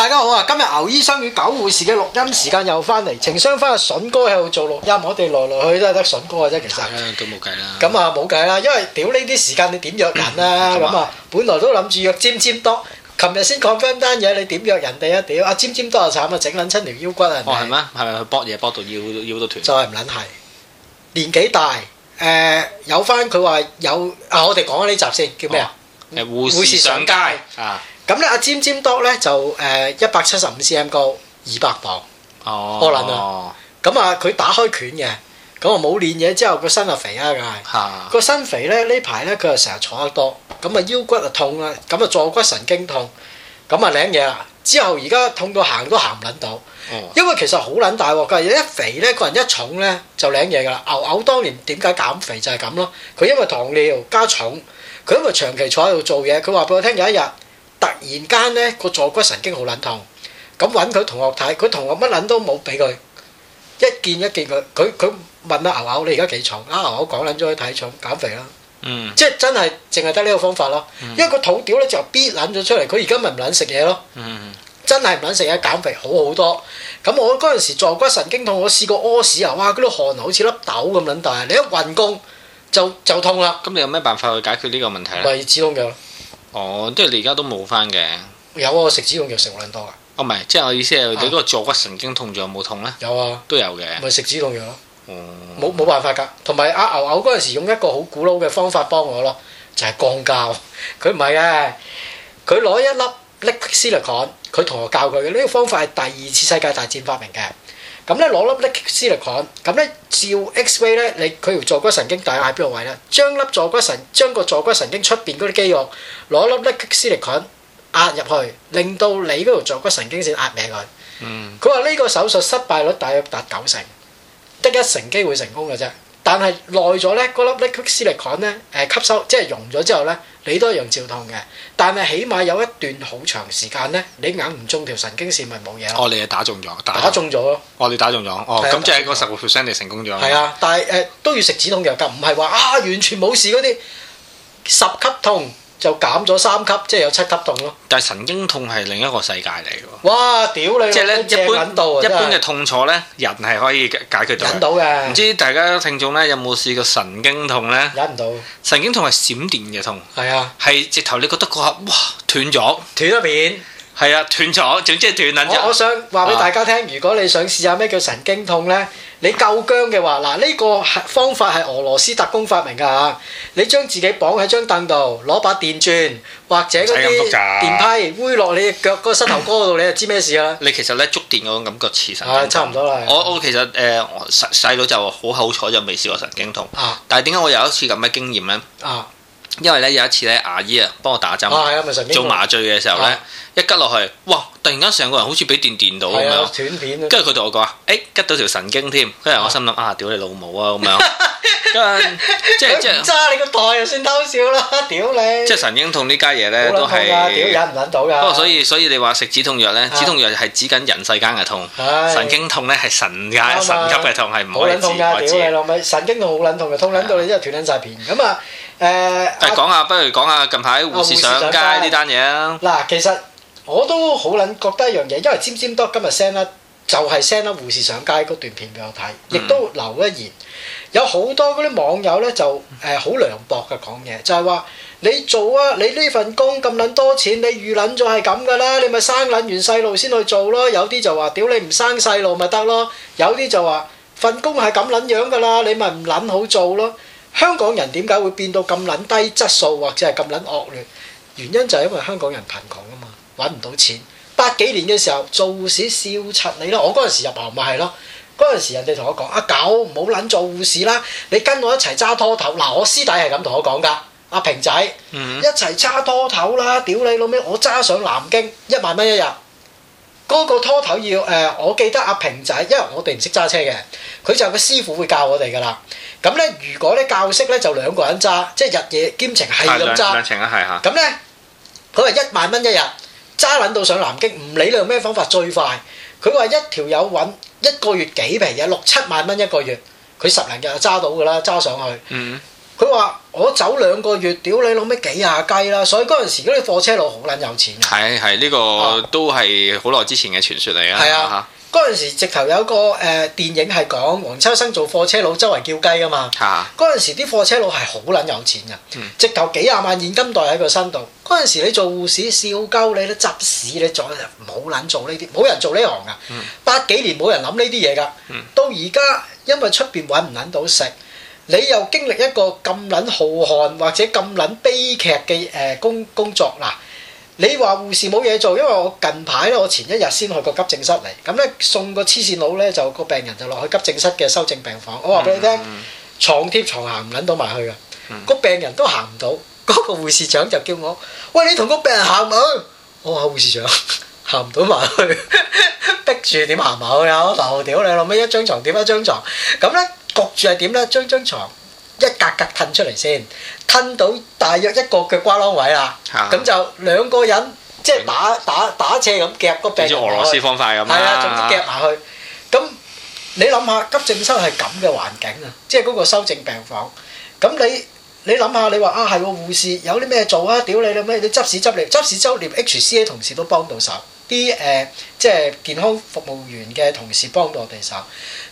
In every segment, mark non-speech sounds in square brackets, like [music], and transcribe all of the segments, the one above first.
大家好啊！今日牛醫生與狗護士嘅錄音時間又翻嚟，情商翻阿筍哥喺度做錄音，我哋來來去都係得筍哥嘅啫，其實係啦，都冇計啦。咁啊冇計啦，因為屌呢啲時間你點約人啊？咁啊本來都諗住約尖尖多，琴日先 confirm 單嘢，你點約人哋啊？屌阿尖尖多啊慘啊，整捻親條腰骨啊！哦係咩？係咪去搏嘢搏到腰腰都斷？就係唔捻係，年紀大誒，有翻佢話有啊，我哋講呢集先叫咩啊？誒護士上街啊！咁咧，阿尖尖多咧就誒一百七十五 cm 高，二百磅，哦、可能、哦、啊。咁啊，佢打開拳嘅，咁啊冇練嘢之後，個身啊肥啊，梗係。個身肥咧，呢排咧佢又成日坐得多，咁啊腰骨啊痛啊，咁啊坐骨神經痛，咁啊領嘢啦。之後而家痛到行都行唔撚到，哦、因為其實好撚大鑊㗎。一肥咧，個人一重咧就領嘢㗎啦。牛牛當年點解減肥就係咁咯？佢因為糖尿加重，佢因為長期坐喺度做嘢，佢話俾我聽，聽有一日。突然間咧，個坐骨神經好撚痛，咁揾佢同學睇，佢同學乜撚都冇俾佢，一見一見佢，佢佢問阿牛牛你而家幾重？啊，牛牛講撚咗去體重減肥啦，嗯即，即係真係淨係得呢個方法咯，嗯、因為個土屌咧就必撚咗出嚟，佢而家咪唔撚食嘢咯，嗯真，真係唔撚食嘢減肥好好多，咁我嗰陣時坐骨神經痛，我試過屙屎啊，哇，嗰啲汗好似粒豆咁撚大，你一運功就就痛啦，咁、嗯、你有咩辦法去解決呢個問題咧？咪止痛哦，即係你而家都冇返嘅。有啊、哦，食止痛藥食冇咁多啊。哦，唔係，即係我意思係，啊、你嗰個坐骨神經痛仲有冇痛咧？有啊，都有嘅。咪食止痛藥咯。哦、嗯。冇冇辦法㗎。同埋阿牛牛嗰陣時用一個好古老嘅方法幫我咯，就係、是、降膠。佢唔係嘅，佢攞一粒 liquid silicone 佢同學教佢嘅呢個方法係第二次世界大戰發明嘅。咁咧攞粒 silicone，咁咧照 X-ray 咧，你佢條坐骨神經大概喺邊個位咧？將粒坐骨神，將個坐骨神經出邊嗰啲肌肉，攞粒 silicone 壓入去，令到你嗰條坐骨神經線壓歪佢。嗯，佢話呢個手術失敗率大約達九成，得一成機會成功嘅啫。但係耐咗咧，嗰粒 liquid silicone 咧，誒吸收即係溶咗之後咧，你都一樣照痛嘅。但係起碼有一段好長時間咧，你硬唔中條神經線咪冇嘢咯。哦，的你係打中咗，打中咗咯。我哋打中咗，哦，咁即係個十個 percent 成功咗。係、呃、啊，但係誒都要食止痛藥，唔係話啊完全冇事嗰啲十級痛，就減咗三級，即係有七級痛咯。但係神經痛係另一個世界嚟嘅喎。哇！屌你，即係咧一般一般嘅痛楚咧，的人係可以解決到。忍到嘅。唔知大家聽眾咧有冇試過神經痛咧？忍唔到。神經痛係閃電嘅痛。係啊。係直頭，你覺得嗰刻哇斷咗，斷咗邊？係啊，斷咗，總之係斷撚隻。我想話俾大家聽，啊、如果你想試下咩叫神經痛呢？你夠僵嘅話，嗱呢、這個方法係俄羅斯特工發明㗎嚇。你將自己綁喺張凳度，攞把電鑽或者嗰啲電批，攰落你腳個膝頭哥嗰度，嗯、你就知咩事啦。你其實咧，觸電嗰種感覺似神經痛，啊、差唔多啦。我我其實誒，細細佬就好口彩，就未試過神經痛。啊、但係點解我有一次咁嘅經驗咧？啊因為咧有一次咧，牙醫啊，幫我打針做麻醉嘅時候咧，一拮落去，哇！突然間成個人好似俾斷電到咁樣，斷片。跟住佢同我講，誒，拮到條神經添。跟住我心諗，啊，屌你老母啊！咁樣。即係即係揸你個袋就算偷笑啦！屌你。即係神經痛呢家嘢咧，都係。屌忍唔忍到噶？不過所以所以你話食止痛藥咧，止痛藥係指緊人世間嘅痛，神經痛咧係神界啊嘛，隔籬痛係唔可以治。屌神經痛好卵痛嘅，痛卵到你一日斷卵晒片咁啊！誒，誒講下，不如講下近排護士上街呢單嘢啊！嗱，其實我都好撚覺得一樣嘢，因為尖尖多今日 send 啦，就係 send 啦護士上街嗰段片俾我睇，亦都留一言。有好多嗰啲網友咧就誒好涼薄嘅講嘢，就係話你做啊，你呢份工咁撚多錢，你預撚咗係咁噶啦，你咪生撚完細路先去做咯。有啲就話屌你唔生細路咪得咯，有啲就話份工係咁撚樣噶啦，你咪唔撚好做咯。香港人點解會變到咁撚低質素或者係咁撚惡劣？原因就係因為香港人貧窮啊嘛，揾唔到錢。八幾年嘅時候做護士笑柒你咯，我嗰陣時入行咪係咯。嗰陣時人哋同我講：阿狗，唔好撚做護士啦，你跟我一齊揸拖頭。嗱，我師弟係咁同我講噶。阿平仔，嗯、一齊揸拖頭啦！屌你老味，我揸上南京一萬蚊一日。嗰個拖頭要誒，我記得阿平仔，因為我哋唔識揸車嘅，佢就有個師傅會教我哋噶啦。咁咧，如果咧教識咧就兩個人揸，即係日夜兼程係咁揸。兼程啊，係嚇！咁咧，佢話一萬蚊一日揸撚到上南京，唔理你用咩方法最快。佢話一條友揾一個月幾皮嘢，六七萬蚊一個月，佢十零日就揸到㗎喇，揸上去。佢話我走兩個月，屌你老味幾下雞啦！所以嗰陣時嗰啲貨車佬好撚有錢嘅。係係，呢個都係好耐之前嘅傳説嚟啊。嗰陣時直頭有個誒、呃、電影係講黃秋生做貨車佬周圍叫雞㗎嘛，嗰陣時啲貨車佬係好撚有錢嘅，嗯、直頭幾廿萬現金袋喺個身度。嗰陣時你做護士笑鳩，你都執屎，你做，冇撚做呢啲，冇人做呢行㗎。嗯、百幾年冇人諗呢啲嘢㗎，到而家因為出邊揾唔撚到食，你又經歷一個咁撚浩瀚或者咁撚悲劇嘅誒工工作嗱。你話護士冇嘢做，因為我近排咧，我前一日先去個急症室嚟，咁咧送個黐線佬咧，就個病人就落去急症室嘅收症病房。我話俾你聽，牀貼牀行唔撚到埋去嘅，個病人都行唔到，嗰個護士長就叫我，喂，你同個病人行唔？我話護士長行唔到埋去，逼住點行埋去啊？嗱，屌你老味一張牀點一張牀，咁咧焗住係點咧？張張牀。一格格吞出嚟先，吞到大約一個腳瓜啷位啦，咁就兩個人即係打打打斜咁夾個病房，仲用俄羅斯方塊咁啦，總之夾埋去。咁你諗下急症室係咁嘅環境啊，即係嗰個收症病房。咁你你諗下，你話啊係個護士有啲咩做啊？屌你啦咩？你執屎執尿，執屎執尿，H C A 同事都幫到手，啲誒即係健康服務員嘅同事幫到我哋手。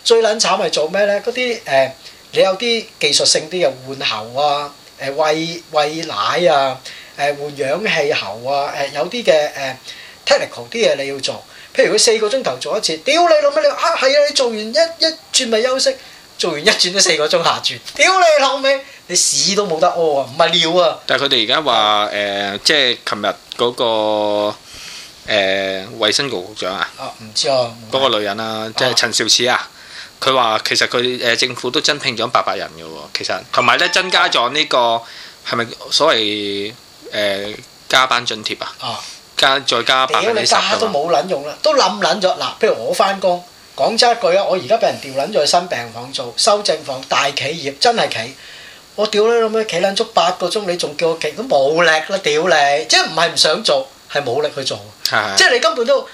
最撚慘係做咩咧？嗰啲誒。你有啲技術性啲又換喉啊，誒餵餵奶啊，誒、呃、換氧氣喉啊，誒、呃、有啲嘅誒、呃、technical 啲嘢你要做，譬如佢四個鐘頭做一次，屌你老味你啊係啊，你做完一一轉咪休息，做完一轉都四個鐘下轉，屌你老味，你屎都冇得屙啊，唔係尿啊！但係佢哋而家話誒，即係琴日嗰、那個誒、呃、衞生局局長啊，唔知啊，嗰、啊、個女人啊，即係陳肇始啊。啊啊啊佢話其實佢誒政府都增聘咗八百人嘅喎、哦，其實同埋咧增加咗呢、呢個係咪所謂誒、呃、加班津貼啊？啊、哦，加再加百幾十嘅。如果你加都冇撚用啦，都冧撚咗嗱。譬如我翻工講真一句啊,我而家俾人調撚咗喺新病房做修正房大企業真係企，我屌你老母企撚足八個鐘，你仲叫我企都冇力啦！屌你，即係唔係唔想做，係冇力去做。的即係你根本都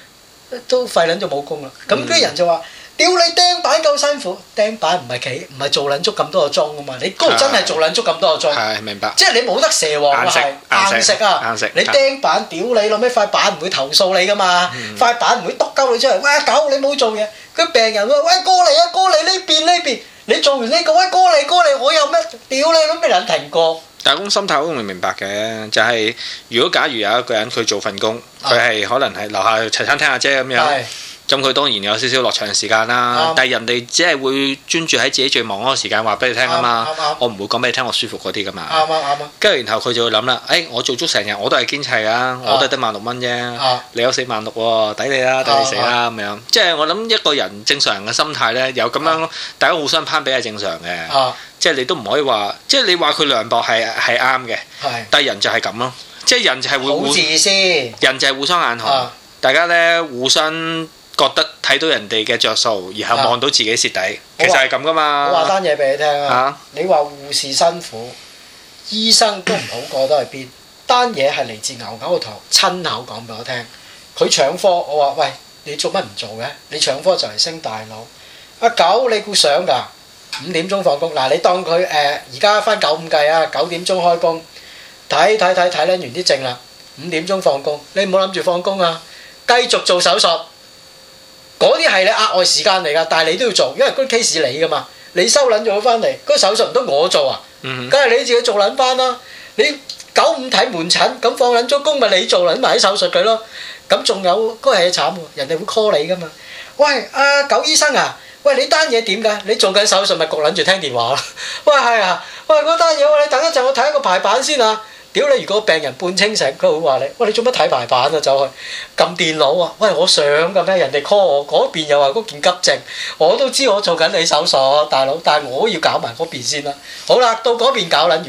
都廢撚咗冇工啦。咁啲、嗯、人就話。屌你釘板夠辛苦，釘板唔係企唔係做捻足咁多個鐘噶嘛？你真係做捻足咁多個鐘，係明白。即係你冇得蛇王係硬食啊，硬食你釘板屌你，攞咩塊板唔會投訴你噶嘛？塊板唔會篤鳩你出嚟。喂，狗你冇做嘢，佢病人話：喂，過嚟啊，過嚟呢邊呢邊，你做完呢個喂，過嚟過嚟，我有咩？屌你都未有人停過？打工心態好容易明白嘅，就係如果假如有一個人佢做份工，佢係可能係樓下茶餐廳阿姐咁樣。咁佢當然有少少落場時間啦，但係人哋只係會專注喺自己最忙嗰個時間話俾你聽啊嘛。我唔會講俾你聽我舒服嗰啲噶嘛。跟住然後佢就會諗啦，誒，我做足成日我都係堅持㗎，我都係得萬六蚊啫。你有四萬六喎，抵你啦，抵你死啦咁樣。即係我諗一個人正常人嘅心態咧，有咁樣大家互相攀比係正常嘅。即係你都唔可以話，即係你話佢涼薄係係啱嘅。但係人就係咁咯，即係人就係會自私，人就係互相眼紅，大家咧互相。覺得睇到人哋嘅着數，然後望到自己蝕底，其實係咁噶嘛。我話單嘢俾你聽啊，你話護士辛苦，醫生都唔好過都係邊？單嘢係嚟自牛狗個頭，親口講俾我聽。佢搶科，我話喂，你做乜唔做嘅？你搶科就嚟升大佬。阿狗，你估上噶？五點鐘放工嗱，你當佢誒，而家翻九五計啊，九點鐘開工，睇睇睇睇，睇完啲證啦，五點鐘放工，你唔好諗住放工啊，繼續做手術。嗰啲係你額外時間嚟噶，但係你都要做，因為嗰 case 你噶嘛，你收撚咗佢返嚟，嗰手術唔通我做啊？梗係你自己做撚返啦。你九五睇門診，咁放撚咗工咪你做撚埋啲手術佢咯。咁仲有嗰係嘢慘喎，人哋會 call 你噶嘛？喂，阿、啊、九醫生啊，喂你單嘢點㗎？你做緊手術咪焗撚住聽電話咯。喂係啊，喂嗰單嘢我，你等一陣我睇個排版先啊。屌你！如果病人半清醒，佢會話你：喂，你做乜睇排版啊？走去撳電腦啊？喂，我想嘅咩？人哋 call 我嗰邊又話嗰件急症，我都知我做緊你手所，大佬，但係我要搞埋嗰邊先啦。好啦，到嗰邊搞撚完，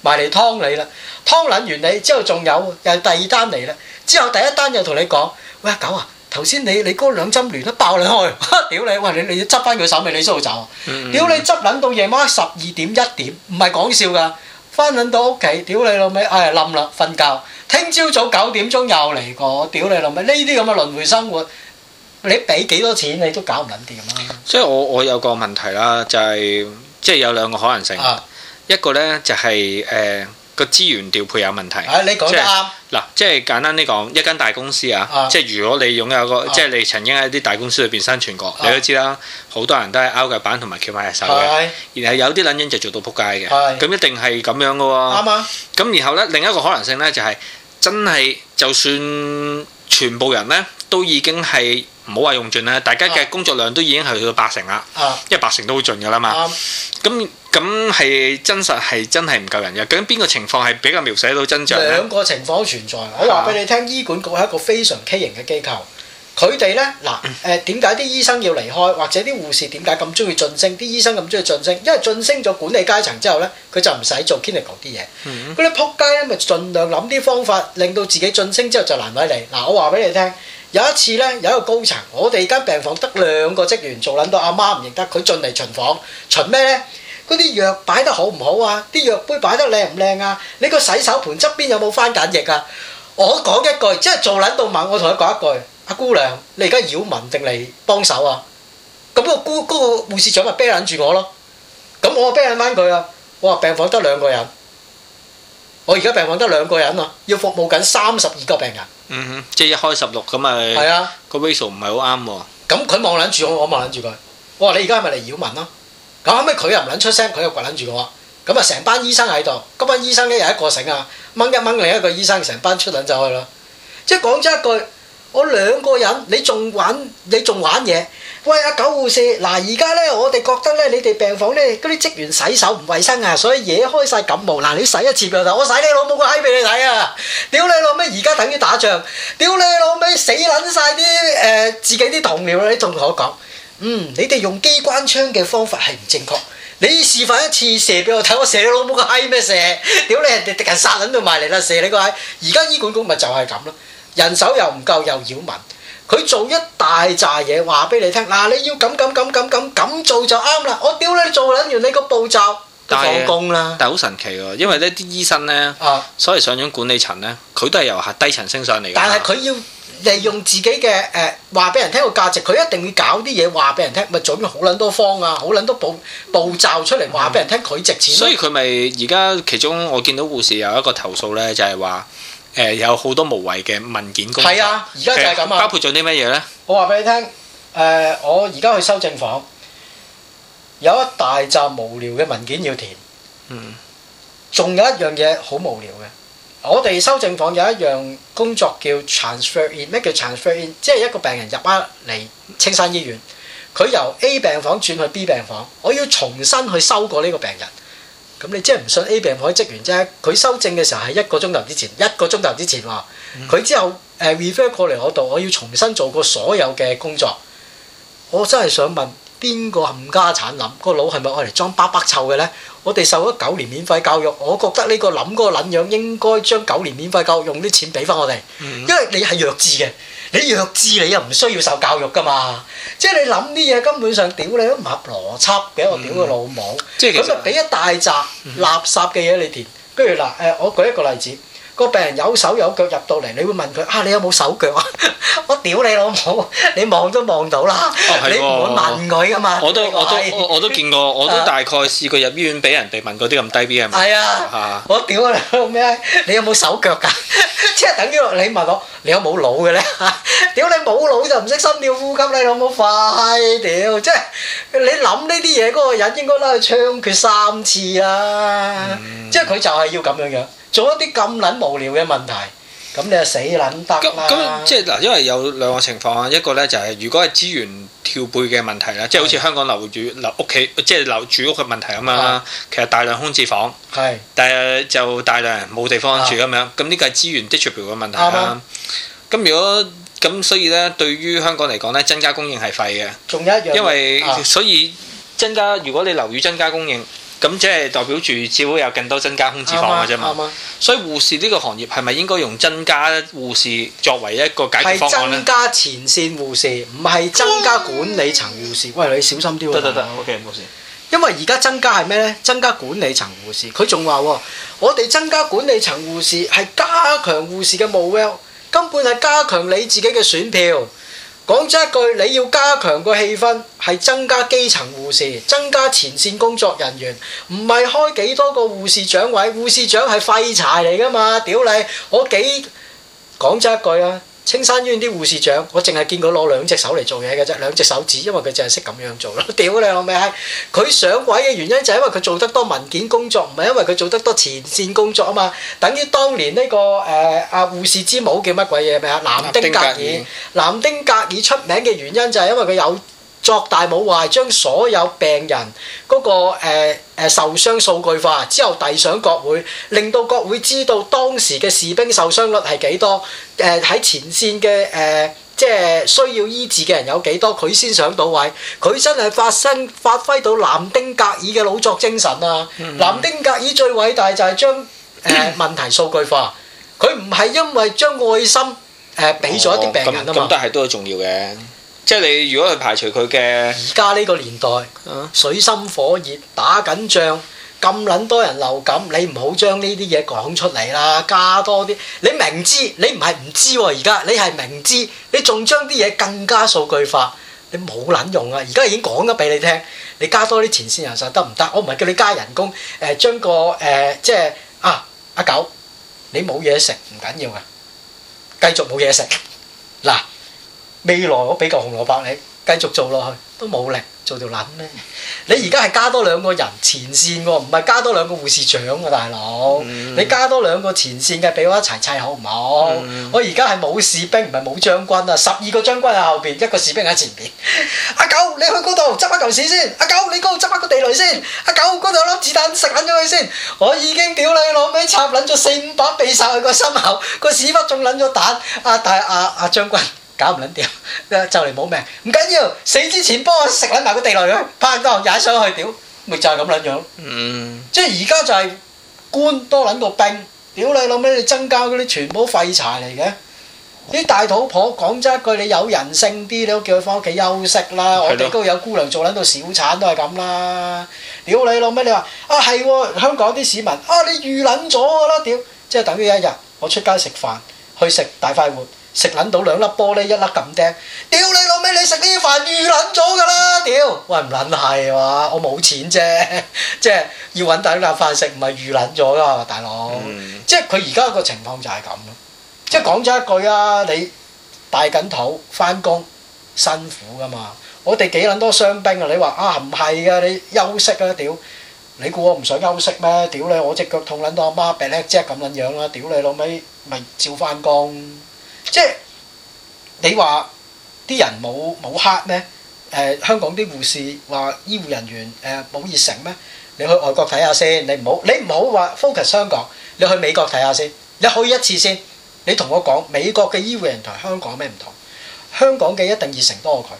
埋嚟劏你啦。劏撚完你之後，仲有又係第二單嚟啦。之後第一單又同你講：喂，狗啊，頭先你你嗰兩針亂都爆你開，屌你！喂，你你要執翻佢手尾，你先走。屌你執撚到夜晚十二點一點，唔係講笑㗎。翻捻到屋企，屌你老味！哎呀冧啦，瞓覺。聽朝早九點鐘又嚟過，屌你老味！呢啲咁嘅輪迴生活，你俾幾多錢你都搞唔捻掂啦。所以我我有個問題啦，就係即係有兩個可能性。一個呢就係誒。個資源調配有問題。啊、你講得啱。嗱是，即係、嗯、簡單啲講，一間大公司啊，即係如果你擁有個，啊、即係你曾經喺啲大公司裏邊生存過，啊、你都知啦。好多人都係鈎腳板同埋翹埋手嘅，啊、然後有啲撚英就做到仆街嘅。係、啊，咁一定係咁樣嘅喎。啱咁、啊、然後咧，另一個可能性咧就係、是、真係，就算全部人咧。都已經係唔好話用盡啦，大家嘅工作量都已經係去到八成啦，啊、因為八成都好盡噶啦嘛。咁咁係真實係真係唔夠人嘅。究竟邊個情況係比較描寫到真相咧？兩個情況都存在。啊、我話俾你聽，啊、醫管局係一個非常畸形嘅機構。佢哋呢，嗱、誒、點解啲醫生要離開，或者啲護士點解咁中意晉升？啲醫生咁中意晉升，因為晉升咗管理階層之後呢，佢就唔使做 clinical 啲嘢。嗰啲仆街咧，咪盡量諗啲方法令到自己晉升之後就難為你。嗱，我話俾你聽。有一次呢，有一個高層，我哋間病房得兩個職員做撚到阿媽唔認得，佢進嚟巡房巡咩呢？嗰啲藥擺得好唔好啊？啲藥杯擺得靚唔靚啊？你個洗手盆側邊有冇番梘液啊？我講一句，即係做撚到猛，我同佢講一句：阿、啊、姑娘，你而家擾民定嚟幫手啊？咁、嗰個姑嗰、嗰個護士長咪啤撚住我咯，咁我啤撚返佢啊！我話病房得兩個人。我而家病房得兩個人啊，要服務緊三十二個病人。嗯哼，即係一開十六咁咪。係啊，個 Vessel 唔係好啱喎。咁佢望撚住我，我望撚住佢。我話你而家係咪嚟擾民咯？咁後尾佢又唔撚出聲，佢又掘撚住我。咁啊，成班醫生喺度，嗰班醫生一日一個醒啊，掹一掹另一個醫生，成班出撚走去啦。即係講咗一句，我兩個人，你仲玩你仲玩嘢？喂，阿、啊、九護士，嗱而家咧，我哋覺得咧，你哋病房咧嗰啲職員洗手唔衞生啊，所以惹開晒感冒。嗱、啊，你洗一次俾我睇，我洗你老母個閪俾你睇啊！屌你老味，而家等於打仗，屌你老味，死撚晒啲誒自己啲同僚咧，仲同我講，嗯，你哋用機關槍嘅方法係唔正確。你示範一次射俾我睇，我射你老母個閪咩射？屌你，人哋敵人殺撚到埋嚟啦，射你個閪！而家醫管局咪就係咁咯，人手又唔夠又擾民。佢做一大紮嘢話俾你聽，嗱、啊、你要咁咁咁咁咁咁做就啱啦！我屌你，做撚完你個步驟，但是放工啦！但好神奇喎，因為呢啲醫生呢，啊、所謂上咗管理層呢，佢都係由下低層升上嚟嘅。但係佢要利用自己嘅誒話俾人聽個價值，佢一定要搞啲嘢話俾人聽，咪做咗好撚多方啊，好撚多步步驟出嚟話俾人聽，佢、嗯、值錢、啊。所以佢咪而家其中我見到護士有一個投訴呢，就係、是、話。誒、呃、有好多無謂嘅文件工作，係啊，而家就係咁啊！包括咗啲乜嘢咧？我話俾你聽，誒我而家去收症房，有一大紮無聊嘅文件要填。嗯。仲有一樣嘢好無聊嘅，我哋收症房有一樣工作叫 transfer in，咩叫 transfer in？即係一個病人入返嚟青山醫院，佢由 A 病房轉去 B 病房，我要重新去收過呢個病人。咁你即係唔信 A 病可嘅職員啫，佢修正嘅時候係一個鐘頭之前，一個鐘頭之前話，佢之後誒 refer 過嚟我度，我要重新做過所有嘅工作，我真係想問邊個冚家產諗個腦係咪愛嚟裝巴巴臭嘅呢？我哋受咗九年免費教育，我覺得呢個諗嗰個捻樣應該將九年免費教育用啲錢俾翻我哋，因為你係弱智嘅，你弱智你又唔需要受教育噶嘛，即係你諗啲嘢根本上屌你都唔合邏輯嘅，我屌個老母，咁、嗯、就俾一大扎垃圾嘅嘢你填，不如嗱誒，我舉一個例子。個病人有手有腳入到嚟，你會問佢啊？你有冇手腳啊？我屌你老母！你望都望到啦，你唔會問佢㗎嘛？我都我都我都見過，我都大概試過入醫院俾人哋問嗰啲咁低 B 嘅問題。係啊，我屌你老母咩？你有冇手腳㗎？即係等於你問我，你有冇腦嘅咧？屌你冇腦就唔識心跳呼吸，你老母快屌！即係你諗呢啲嘢，嗰個人應該拉去槍決三次啦！即係佢就係要咁樣樣。做一啲咁撚無聊嘅問題，咁你就死撚得啦！咁即係嗱，因為有兩個情況啊，一個咧就係、是、如果係資源跳背嘅問題啦，的即係好似香港樓住樓屋企，即係樓住屋嘅問題咁啦，的其實大量空置房係，的但係就大量人冇地方住咁樣，咁呢個係資源的確嘅問題啦。咁的如果咁，所以咧對於香港嚟講咧，增加供應係廢嘅。仲有一樣，因為、啊、所以增加，如果你樓宇增加供應。咁即係代表住只會有更多增加空置房嘅啫嘛，所以護士呢個行業係咪應該用增加護士作為一個解決方案？係增加前線護士，唔係增加管理層護士。東喂，你小心啲喎。得得得，OK 冇事。啊、好因為而家增加係咩呢？增加管理層護士，佢仲話喎，我哋增加管理層護士係加強護士嘅 model，根本係加強你自己嘅選票。講真一句，你要加強個氣氛，係增加基層護士，增加前線工作人員，唔係開幾多個護士長位，護士長係廢柴嚟㗎嘛？屌你，我幾講真一句啊！青山醫院啲護士長，我淨係見佢攞兩隻手嚟做嘢嘅啫，兩隻手指，因為佢淨係識咁樣做咯。屌你老味，佢上位嘅原因就係因為佢做得多文件工作，唔係因為佢做得多前線工作啊嘛。等於當年呢個誒阿護士之母叫乜鬼嘢係咪啊？南丁格爾，南丁格爾出名嘅原因就係因為佢有。作大冇壞，將所有病人嗰、那個誒、呃、受傷數據化之後遞上國會，令到國會知道當時嘅士兵受傷率係幾多？誒、呃、喺前線嘅誒、呃，即係需要醫治嘅人有幾多？佢先上到位。佢真係發生發揮到南丁格爾嘅老作精神啊！南、嗯嗯、丁格爾最偉大就係將誒、呃、問題數據化，佢唔係因為將愛心誒畀咗、呃、一啲病人啊嘛、哦。咁咁都係都係重要嘅。即係你如果係排除佢嘅，而家呢個年代、啊、水深火熱，打緊仗，咁撚多人流感，你唔好將呢啲嘢講出嚟啦，加多啲。你明知你唔係唔知喎、啊，而家你係明知，你仲將啲嘢更加數據化，你冇撚用啊！而家已經講咗俾你聽，你加多啲前線人手得唔得？我唔係叫你加人工，誒、呃，將個誒、呃，即係啊，阿狗，你冇嘢食唔緊要啊，繼續冇嘢食嗱。未來我俾個紅蘿蔔你繼續做落去都冇力做條撚咩？你而家係加多兩個人前線喎，唔係加多兩個護士長喎，大佬！你加多兩個前線嘅俾我一齊砌好唔好？我而家係冇士兵唔係冇將軍啊！十二個將軍喺後邊，一個士兵喺前邊。阿狗你去嗰度執一嚿屎先，阿狗你嗰度執一個地雷先，阿狗嗰度有粒子彈，食撚咗佢先。我已經屌你老味插撚咗四五把被殺喺個心口，個屎忽仲撚咗彈。阿大阿阿將軍。搞唔撚掂，就嚟冇命，唔緊要，死之前幫我食撚埋個地雷佢，拍下檔，踩上去，屌，咪就係咁撚樣。嗯、即係而家就係官多撚個兵，屌你老味，你增加嗰啲全部廢柴嚟嘅。啲大肚婆講真一句，你有人性啲，你都叫佢返屋企休息啦。的我哋都有姑娘做撚到小產都係咁啦。屌你老味，你話啊係，香港啲市民啊，你預撚咗啦，屌，即係等於一日我出街食飯，去食大快活。食撚到兩粒玻璃，一粒咁釘，屌你老味！你食呢啲飯預撚咗㗎啦，屌！喂唔撚係嘛？我冇錢啫，即係要揾等粒飯食，唔係預撚咗啦，大佬。即係佢而家個情況就係咁咯。即係講真一句啊，你大緊肚，翻工辛苦㗎嘛。我哋幾撚多傷兵啊？你話啊唔係㗎，你休息啊屌！你估我唔想休息咩？屌你！我隻腳痛撚到阿媽病叻姐咁撚樣啦，屌你老味，咪照翻工。即係你話啲人冇冇黑咩？誒香港啲護士話醫護人員誒冇熱誠咩？你去外國睇下先，你唔好你唔好話 focus 香港，你去美國睇下先，你去一次先，你同我講美國嘅醫護人同香港有咩唔同？香港嘅一定熱誠多過佢。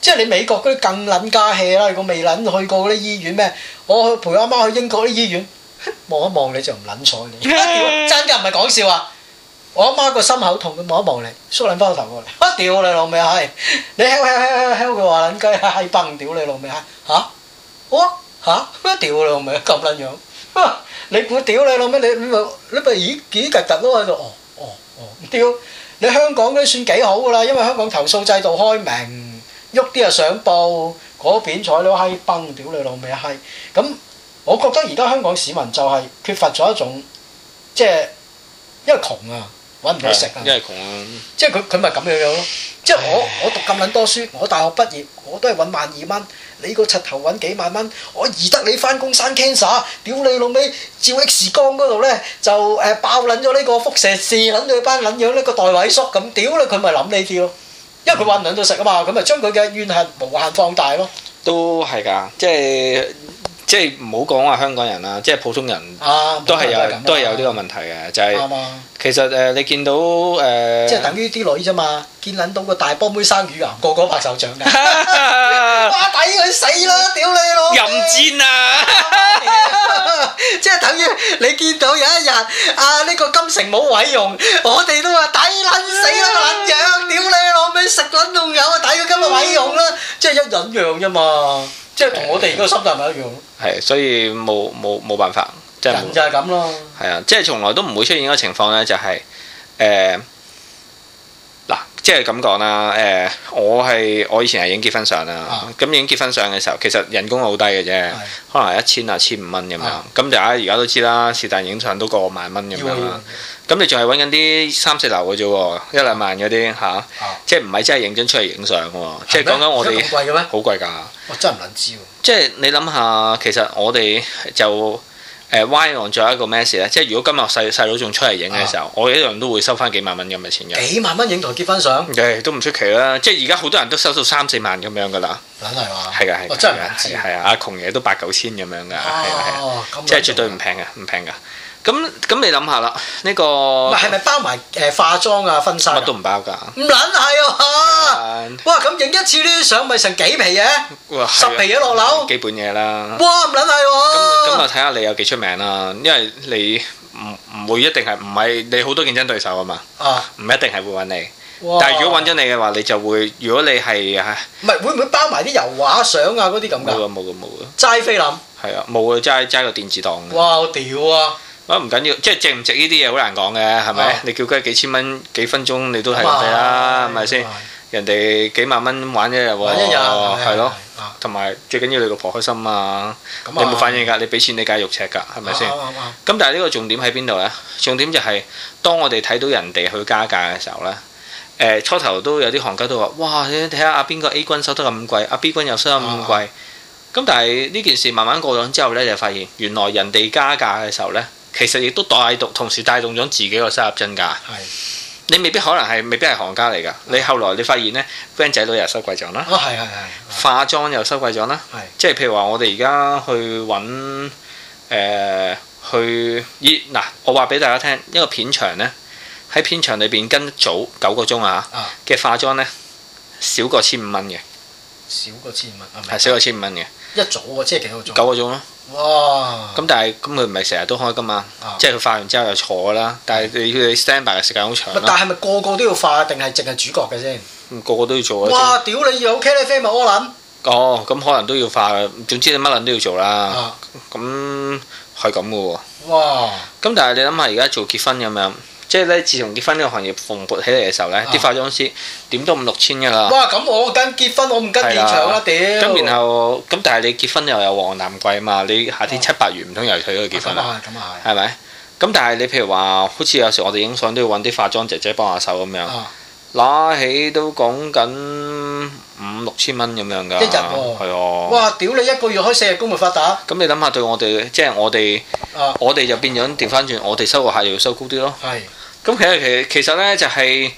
即係你美國嗰啲更撚加氣啦！如果未撚去過嗰啲醫院咩？我去陪阿媽去英國啲醫院望一望你就唔撚睬你，真㗎唔係講笑啊！我阿媽個心口痛，佢望一望你，縮撚翻個頭過嚟。我屌你老味閪，你響響響響響佢話撚雞閪崩屌你老味閪吓？我吓？我屌你老味咁撚樣，你估屌你老咩？你你咪你咪幾幾突突都喺度哦哦哦屌！你香港都算幾好噶啦，因為香港投訴制度開明，喐啲就上報，嗰片彩都閪崩屌你老味閪咁。我覺得而家香港市民就係缺乏咗一種即係因為窮啊。揾唔到食啊！因為窮啊，即係佢佢咪咁樣樣咯！ [laughs] 即係我我讀咁撚多書，我大學畢業，我都係揾萬二蚊。你個柒頭揾幾萬蚊，我移得你翻工生 cancer，屌你老味照 X 光嗰度咧就誒爆撚咗呢個輻射線撚咗班撚樣呢個代位叔咁，屌啦，佢咪諗你啲咯，因為佢揾唔到食啊嘛，咁咪將佢嘅怨恨無限放大咯。都係㗎，即係。即係唔好講話香港人啦，即係普通人都，啊、都係有都係有呢個問題嘅，啊、就係、是、其實誒、呃、你見到誒，呃、即係等於啲女衣啫嘛，見撚到個大波妹生魚眼，個個拍手掌嘅，話抵佢死啦，屌你老！任賤啊！啊啊啊即係等於你見到有一日啊，呢、呢個金城冇毀容，我哋都話抵撚死啦，撚樣，屌你老味，食撚仲有，抵佢今日毀容啦，即係一忍讓啫嘛。啊啊即係同我哋而家心態咪一樣？係，所以冇冇冇辦法。辦法人就係咁咯。係啊，即係從來都唔會出現一個情況咧，就係，就係誒。即係咁講啦，誒、欸，我係我以前係影結婚相啦，咁影、啊、結婚相嘅時候，其實人工好低嘅啫，的可能係一千啊千五蚊咁樣，咁大家而家都知啦，是但影相都過，過萬蚊咁樣啦，咁、啊啊、你仲係揾緊啲三四流嘅啫喎，一兩萬嗰啲嚇，啊啊、即係唔係真係認真出嚟影相喎，嗎即係講緊我哋好貴㗎，貴我真係唔撚知喎，即係你諗下，其實我哋就。誒，Y 仲有一個咩事咧？即係如果今日細細佬仲出嚟影嘅時候，啊、我一樣都會收翻幾萬蚊咁嘅錢嘅。幾萬蚊影台結婚相，哎、都唔出奇啦。即係而家好多人都收到三四萬咁樣噶啦，梗係啦，係真係係啊，阿窮嘢都八九千咁樣噶，係啊係啊，這樣 即係絕對唔平嘅，唔平噶。咁咁你諗下啦，呢個係咪包埋誒化妝啊、婚紗乜都唔包㗎，唔撚係喎！哇！咁影一次呢啲相咪成幾皮嘢？十皮嘢落樓，基本嘢啦。哇！唔撚係喎！咁咁啊！睇下你有幾出名啦，因為你唔唔會一定係唔係你好多競爭對手啊嘛。唔一定係會揾你，但係如果揾咗你嘅話，你就會。如果你係唔係會唔會包埋啲油畫相啊嗰啲咁㗎？冇啊冇啊冇啊！齋菲林係啊冇啊，齋齋個電子檔。哇！我屌啊！唔緊要，即係值唔值呢啲嘢好難講嘅，係咪？你叫佢幾千蚊幾分鐘，你都係唔得啦，係咪先？人哋幾萬蚊玩一日喎，係咯。同埋最緊要你老婆開心啊！你冇反應㗎，你俾錢你梗係肉赤㗎，係咪先？咁但係呢個重點喺邊度呢？重點就係當我哋睇到人哋去加價嘅時候呢。誒初頭都有啲行家都話：哇！你睇下阿邊個 A 君收得咁貴，阿 B 君又收咁貴。咁但係呢件事慢慢過咗之後咧，就發現原來人哋加價嘅時候呢。其實亦都帶動，同時帶動咗自己個收入增加。係。你未必可能係，未必係行家嚟㗎。係。你後來你發現呢 friend 仔都又收貴咗啦。化妝又收貴咗啦。係。即係譬如話，呃，我哋而家去揾去咦，嗱，我話俾大家聽，一個片場呢，喺片場裏邊跟組九個鐘啊嚇嘅化妝呢，少過千五蚊嘅。少過千五蚊係少過千五蚊嘅。一組喎，即係幾個鐘？九個鐘咯。哇！咁但係咁佢唔係成日都開噶嘛？啊、即係佢化完之後又坐啦。嗯、但係你要 stand by 嘅時間好長，但係咪個個都要化定係淨係主角嘅先？個個都要做。哇！正屌你又 carry 飛埋我捻。Okay, 哦，咁可能都要化。總之你乜捻都要做啦。咁係咁噶喎。哇！咁但係你諗下而家做結婚咁樣。即係咧，自從結婚呢個行業蓬勃起嚟嘅時候咧，啲、啊、化妝師點都五六千噶啦。哇！咁我跟結婚，我唔跟現場啦、啊，屌的。咁、啊、然後，咁但係你結婚又有旺南貴啊嘛？你夏天七八月唔通、啊、又去佢結婚啊？咁、啊、係。係咪、啊？咁、啊啊啊、但係你譬如話，好似有時我哋影相都要搵啲化妝姐姐幫下手咁樣。啊拿起都講緊五六千蚊咁樣㗎，一日，係啊！啊哇，屌你一個月開四日工咪發達？咁、嗯、你諗下對我哋，即係我哋，啊、我哋就變咗，調翻轉，我哋收個客就要收高啲咯。係的。咁其實其其實咧就係、是、呢、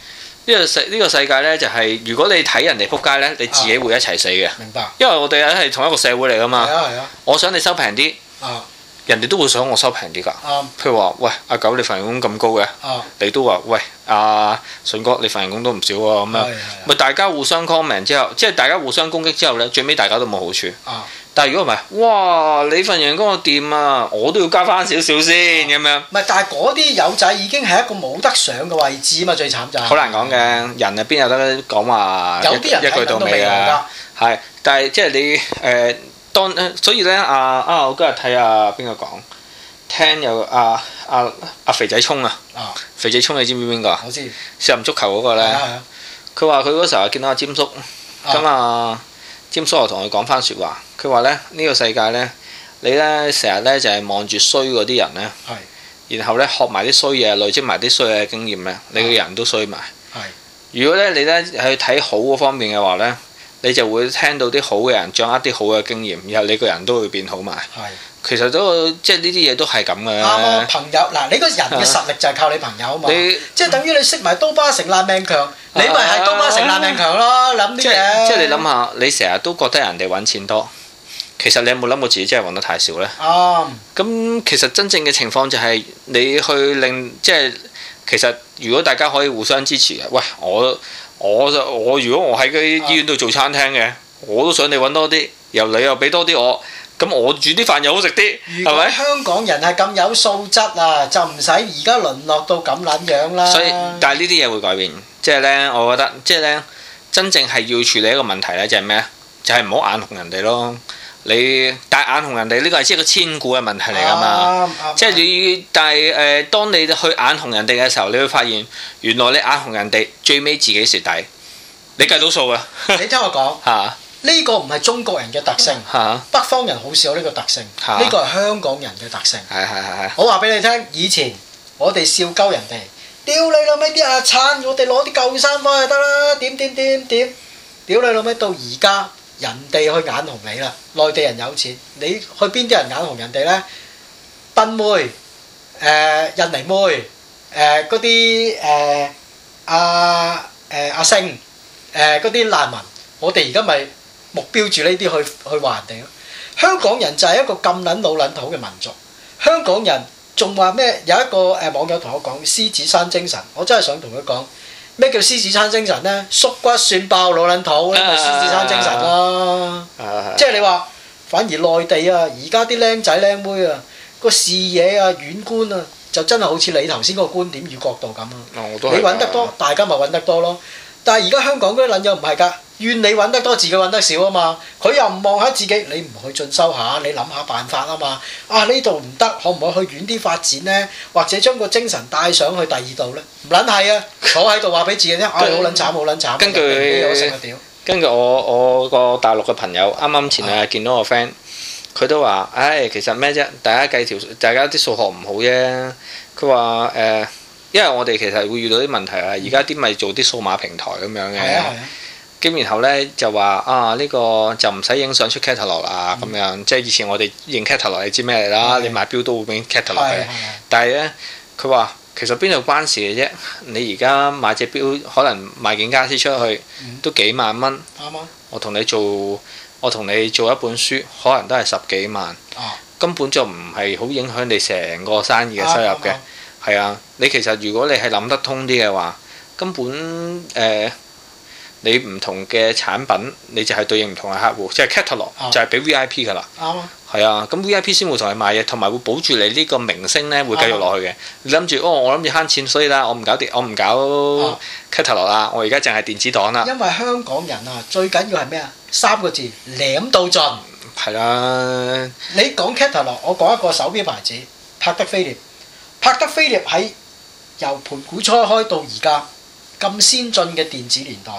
這個世呢、這個世界咧就係、是、如果你睇人哋撲街咧，你自己會一齊死嘅、啊。明白。因為我哋係同一個社會嚟㗎嘛。係啊係啊。的的我想你收平啲。啊。人哋都會想我收平啲㗎，譬如話：喂，阿九你份人工咁高嘅，你都話：喂，阿信哥你份人工都唔少喎，咁樣咪大家互相 comment 之後，即係大家互相攻擊之後咧，最尾大家都冇好處。但係如果唔係，哇！你份人工個掂啊，我都要加翻少少先咁樣。唔係，但係嗰啲友仔已經係一個冇得上嘅位置啊嘛，最慘就係。好難講嘅，人入邊有得講話？有啲人一句都未用㗎。係，但係即係你誒。當所以呢，啊啊！我今日睇下邊個講，聽有阿阿阿肥仔聰啊，肥仔聰、啊啊、你知唔知邊個啊？我知，射足球嗰個咧，佢話佢嗰時候見到阿詹叔咁啊，詹、嗯、叔又同佢講返説話，佢話呢，呢、這個世界呢，你呢成日呢就係望住衰嗰啲人呢，是然後呢學埋啲衰嘢，累積埋啲衰嘢嘅經驗呢。啊、你個人都衰埋。是是如果呢你呢去睇好嗰方面嘅話呢。你就會聽到啲好嘅人，掌握啲好嘅經驗，然後你個人都會變好埋。是其實都即係呢啲嘢都係咁嘅。啱啊，朋友，嗱，你個人嘅實力就係靠你朋友啊嘛。你、嗯、即係等於你識埋刀疤成爛命強，你咪係刀疤成爛命強咯。諗啲嘢。即係你諗下，你成日都覺得人哋揾錢多，其實你有冇諗過自己真係揾得太少呢？啱、啊。咁其實真正嘅情況就係你去令即係，其實如果大家可以互相支持嘅，喂我。我就我如果我喺嗰醫院度做餐廳嘅，嗯、我都想你揾多啲，又你又俾多啲我，咁我煮啲飯又好食啲，係咪？香港人係咁有素質啊，就唔使而家淪落到咁撚樣啦。所以，但係呢啲嘢會改變，即係呢，我覺得即係呢，真正係要處理一個問題呢，就係咩？就係唔好眼紅人哋咯。你大眼紅人哋呢個係一個千古嘅問題嚟㗎嘛，即係你但係誒，當你去眼紅人哋嘅時候，你會發現原來你眼紅人哋最尾自己蝕底，你計到數啊，你聽我講嚇，呢個唔係中國人嘅特性嚇，北方人好少有呢個特性，呢個係香港人嘅特性。係係係係。我話俾你聽，以前我哋笑鳩人哋，屌你老味啲阿燦，我哋攞啲舊衫翻去得啦，點點點點，屌你老味到而家。人哋去眼紅你啦，內地人有錢，你去邊啲人眼紅人哋呢？賓妹、誒、呃、印尼妹、誒嗰啲誒阿誒阿星、誒嗰啲難民，我哋而家咪目標住呢啲去去話人哋咯。香港人就係一個咁撚老撚土嘅民族，香港人仲話咩？有一個誒網友同我講獅子山精神，我真係想同佢講。咩叫獅子山精神呢？縮骨算爆老撚肚咧，啊、獅子山精神咯。啊、即係你話，反而內地啊，而家啲靚仔靚妹啊，個視野啊、遠觀啊，就真係好似你頭先個觀點與角度咁啊。哦、你揾得多，啊、大家咪揾得多咯。但係而家香港嗰啲撚友唔係㗎。怨你揾得多，自己揾得少啊嘛！佢又唔望喺自己，你唔去進修下，你諗下辦法啊嘛！啊呢度唔得，可唔可以去遠啲發展呢？或者將個精神帶上去第二度呢？唔撚係啊！坐喺度話俾自己聽，唉、啊，好撚、 [laughs] 嗯、慘，好撚慘。根據，啊、根據我我個大陸嘅朋友啱啱前兩日見到個 friend，佢都話：唉、哎，其實咩啫？大家計條，大家啲數學唔好啫。佢話：誒、呃，因為我哋其實會遇到啲問題啊。而家啲咪做啲數碼平台咁樣嘅。然後呢，就話啊呢、呢個就唔使影相出 catalog 啦，咁樣，嗯、即係以前我哋影 catalog 你知咩嚟啦？嗯、你買表都會影 catalog 去、嗯、但係呢，佢話其實邊度關事嘅啫。你而家買隻表，可能買件家私出去都幾萬蚊。啱啊！我同你做，我同你做一本書，可能都係十幾萬。根本就唔係好影響你成個生意嘅收入嘅。係啊、嗯嗯，你其實如果你係諗得通啲嘅話，根本誒。呃你唔同嘅產品，你就係對應唔同嘅客戶，就係、是、catalog，就係俾 V I P 噶啦，啱啊，係啊，咁、啊、V I P 先會同你買嘢，同埋會保住你呢個明星咧，會繼續落去嘅。你諗住哦，我諗住慳錢，所以啦，我唔搞、啊、我唔搞 catalog 啦，我而家淨係電子檔啦。因為香港人啊，最緊要係咩啊？三個字舐到盡，係啦、嗯。啊、你講 catalog，我講一個手錶牌子，柏德飛烈，柏德飛烈喺由盤古初開到而家咁先進嘅電子年代。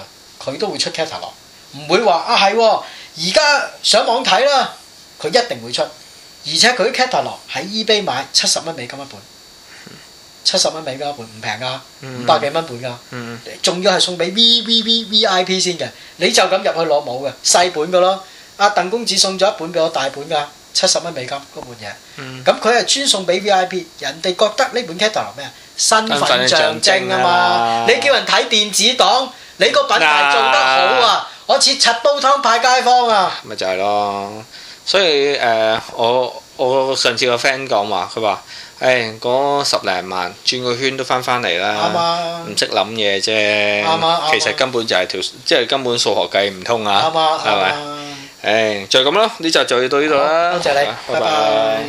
佢都會出 catalog，唔會話啊，係喎，而家上網睇啦，佢一定會出，而且佢啲 catalog 喺 eBay 買七十蚊美金一本，七十蚊美金一本唔平噶，五百幾蚊本噶，仲、嗯、要係送俾 V V V V I P 先嘅，你就咁入去攞冇嘅細本噶咯。阿、啊、鄧公子送咗一本俾我大本噶，七十蚊美金嗰本嘢，咁佢係專送俾 V I P，人哋覺得呢本 catalog 咩啊身份象徵啊嘛，嘛啊你叫人睇電子檔。你個品牌做得好啊！我似柒煲湯派街坊啊！咪 [noise] 就係咯，所以誒，我我上次個 friend 講話，佢話誒嗰十零萬轉個圈都翻返嚟啦，唔識諗嘢啫，其實根本就係條即係根本數學計唔通啊，係咪？誒，就係咁咯，呢集就要到呢度啦，多謝你，拜拜。拜拜